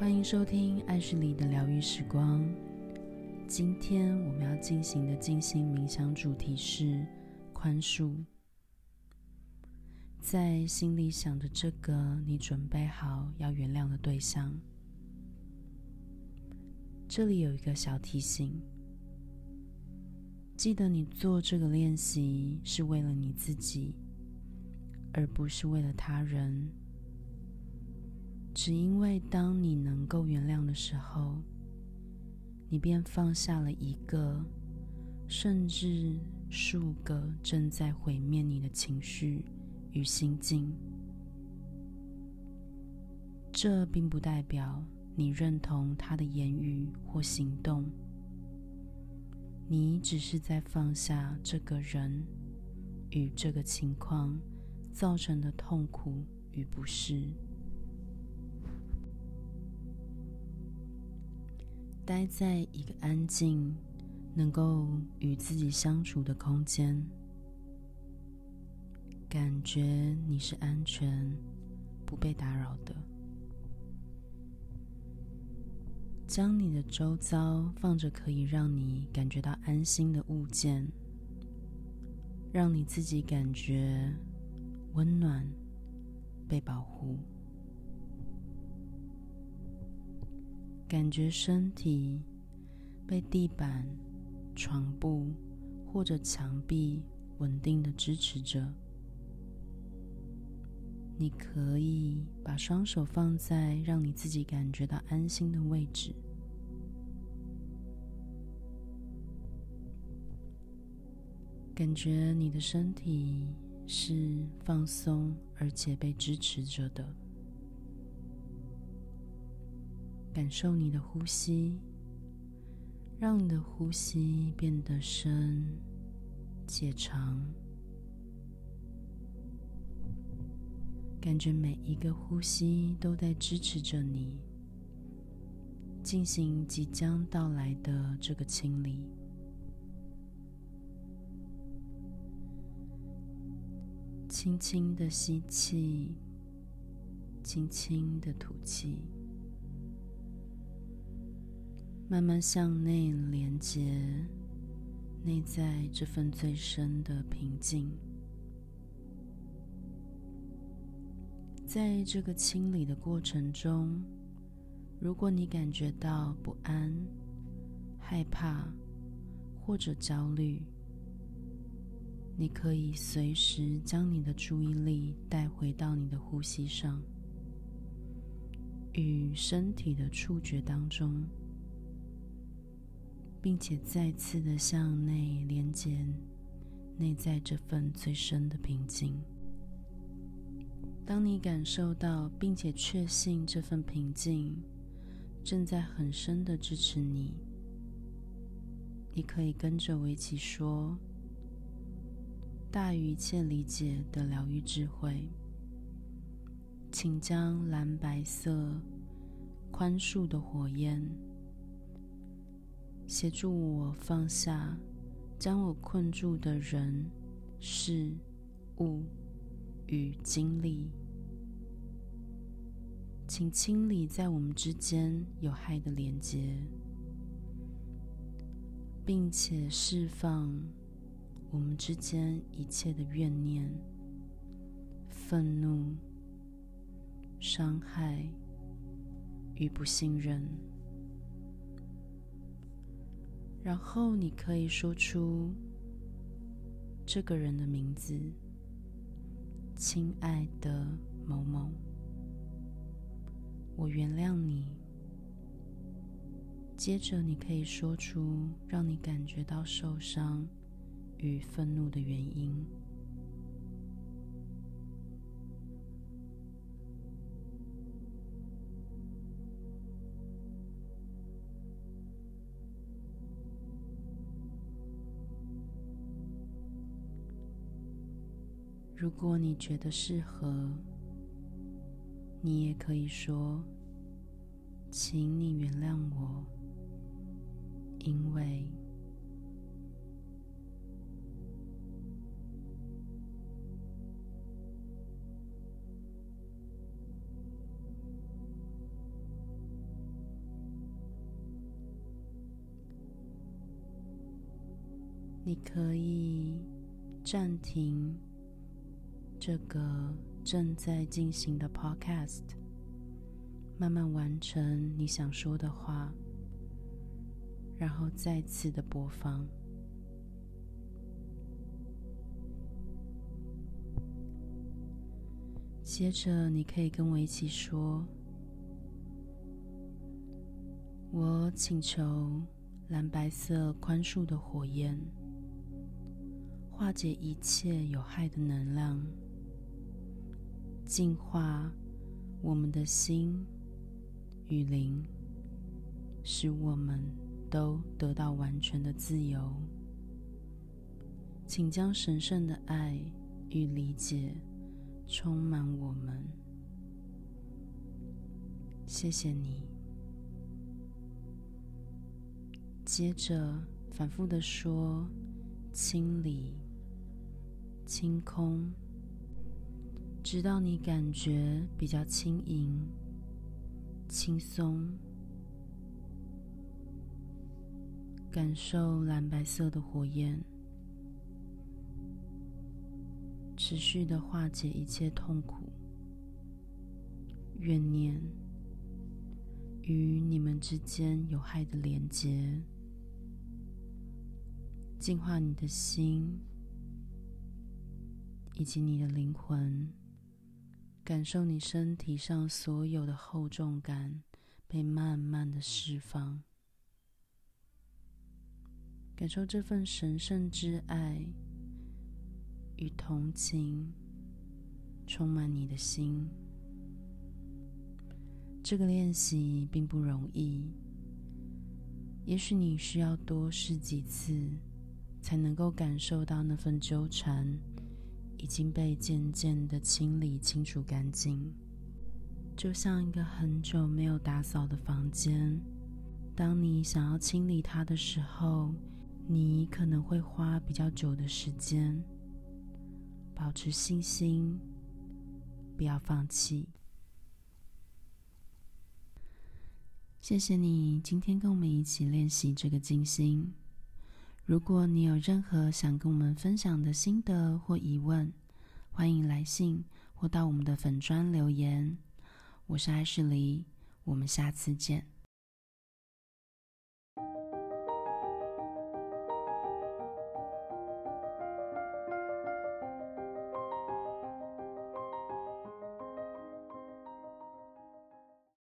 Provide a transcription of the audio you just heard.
歡迎收聽《愛旭黎的療癒時光》。今天我們要進行的靜心冥想主題是寬恕。在心裡想着這個你準備好要原諒的對象，這裡有一個小提醒：記得你做這個練習是為了你自己，而不是為了他人。只因為當你能夠原諒的時候，你便放下了一個，甚至數個正在毀滅你的情緒與心境。這並不代表你認同他的言語或行動，你只是在放下這個人與這個情況造成的痛苦與不適。待在一個安靜、能夠與自己相處的空間，感覺你是安全、不被打擾的。將你的周遭放着可以讓你感覺到安心的物件，讓你自己感覺溫暖、被保護。感覺身體被地板、床鋪或者牆壁穩定的支持着。你可以把雙手放在讓你自己感覺到安心的位置。感覺你的身體是放鬆而且被支持着的。感受你的呼吸，讓你的呼吸變得深且長。感覺每一個呼吸都在支持着你進行即將到來的這個清理。輕輕地吸氣，輕輕地吐氣。慢慢向內連接，內在這份最深的平靜。在這個清理的過程中，如果你感覺到不安、害怕或者焦慮，你可以隨時將你的注意力帶回到你的呼吸上，與身體的觸覺當中。並且再次的向內連接，內在這份最深的平靜。當你感受到並且確信這份平靜正在很深的支持你，你可以跟着維奇說：“大於一切理解的療癒智慧，請將藍白色寬恕的火焰。”協助我放下將我困住的人、事、物與經歷，請清理在我們之間有害的連接，並且釋放我們之間一切的怨念、憤怒、傷害與不信任。然後你可以說出這個人的名字，親愛的某某，我原諒你。接着你可以說出讓你感覺到受傷與憤怒的原因。如果你覺得適合，你也可以說：“請你原諒我。”因為你可以暫停。這個正在進行的 podcast，慢慢完成你想說的話，然後再次的播放。接着你可以跟我一起說：“我請求藍白色寬恕的火焰，化解一切有害的能量。”淨化我們的心與靈，使我們都得到完全的自由。請將神聖的愛與理解充滿我們。謝謝你。接着反覆地說：“清理，清空。”直到你感覺比較輕盈、輕鬆，感受藍白色的火焰持續的化解一切痛苦、怨念與你們之間有害的連接，淨化你的心以及你的靈魂。感受你身體上所有的厚重感被慢慢的釋放，感受這份神聖之愛與同情充滿你的心。這個練習並不容易，也許你需要多試幾次才能夠感受到那份糾纏。已經被漸漸地清理、清除乾淨，就像一個很久沒有打掃的房間。當你想要清理它的時候，你可能會花比較久的時間。保持信心，不要放棄。謝謝你今天跟我們一起練習這個靜心。如果你有任何想跟我們分享的心得或疑問，歡迎來信或到我們的粉專留言。我是愛旭黎，我們下次見。